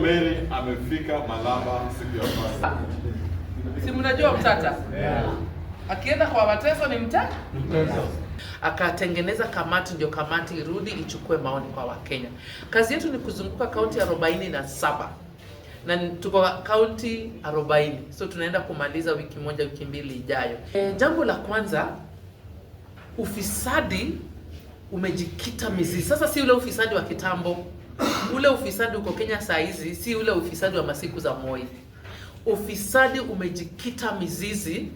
Mary amefika Malaba siku ya kwanza. Si mnajua mtata yeah. Akienda kwa mateso ni mtata yeah. Akatengeneza kamati, ndio kamati irudi ichukue maoni kwa Wakenya. Kazi yetu ni kuzunguka kaunti arobaini na saba na tuko kaunti arobaini so tunaenda kumaliza wiki moja, wiki mbili ijayo. E, jambo la kwanza ufisadi umejikita mizizi. Sasa si ule ufisadi wa kitambo, ule ufisadi uko Kenya saa hizi, si ule ufisadi wa masiku za Moi. Ufisadi umejikita mizizi,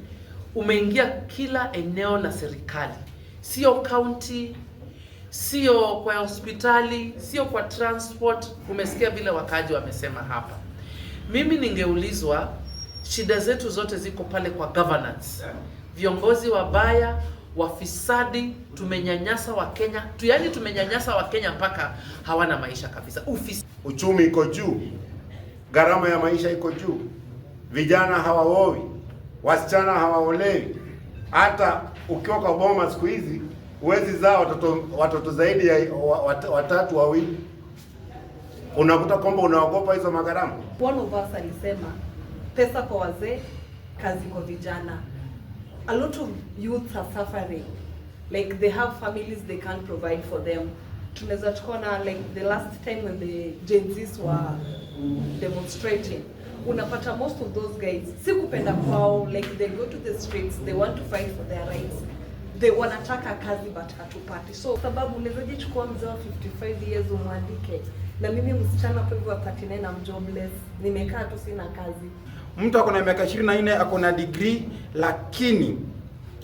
umeingia kila eneo la serikali, sio county, sio kwa hospitali, sio kwa transport. Umesikia vile wakaji wamesema hapa. Mimi ningeulizwa, shida zetu zote ziko pale kwa governance, viongozi wabaya wafisadi, tumenyanyasa Wakenya tu, yani tumenyanyasa Wakenya mpaka hawana maisha kabisa. Ufisadi, uchumi iko juu, gharama ya maisha iko juu, vijana hawaowi, wasichana hawaolewi. Hata ukiwa kwa boma siku hizi huwezi zaa watoto, watoto zaidi ya watatu wawili unakuta kwamba unaogopa hizo magharama. Bwana of alisema pesa kwa wazee, kazi kwa vijana a lot of youth are suffering like they have families they can't provide for them tunaweza tukaona like the last time when the Gen Zs were demonstrating unapata most of those guys si kupenda kwao like they go to the streets they want to fight for their rights they wanataka kazi but hatupati so sababu unawezaje chukua mzee wa 55 years umwandike na mimi msichana kwa hivyo 39 am jobless nimekaa tu sina kazi mtu ako na miaka 24 ako na degree, lakini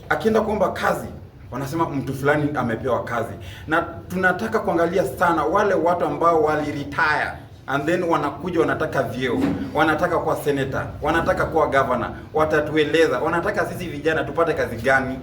akienda kuomba kazi wanasema mtu fulani amepewa kazi, na tunataka kuangalia sana wale watu ambao wali retire and then wanakuja wanataka vyeo, wanataka kuwa senator, wanataka kuwa governor. Watatueleza wanataka sisi vijana tupate kazi gani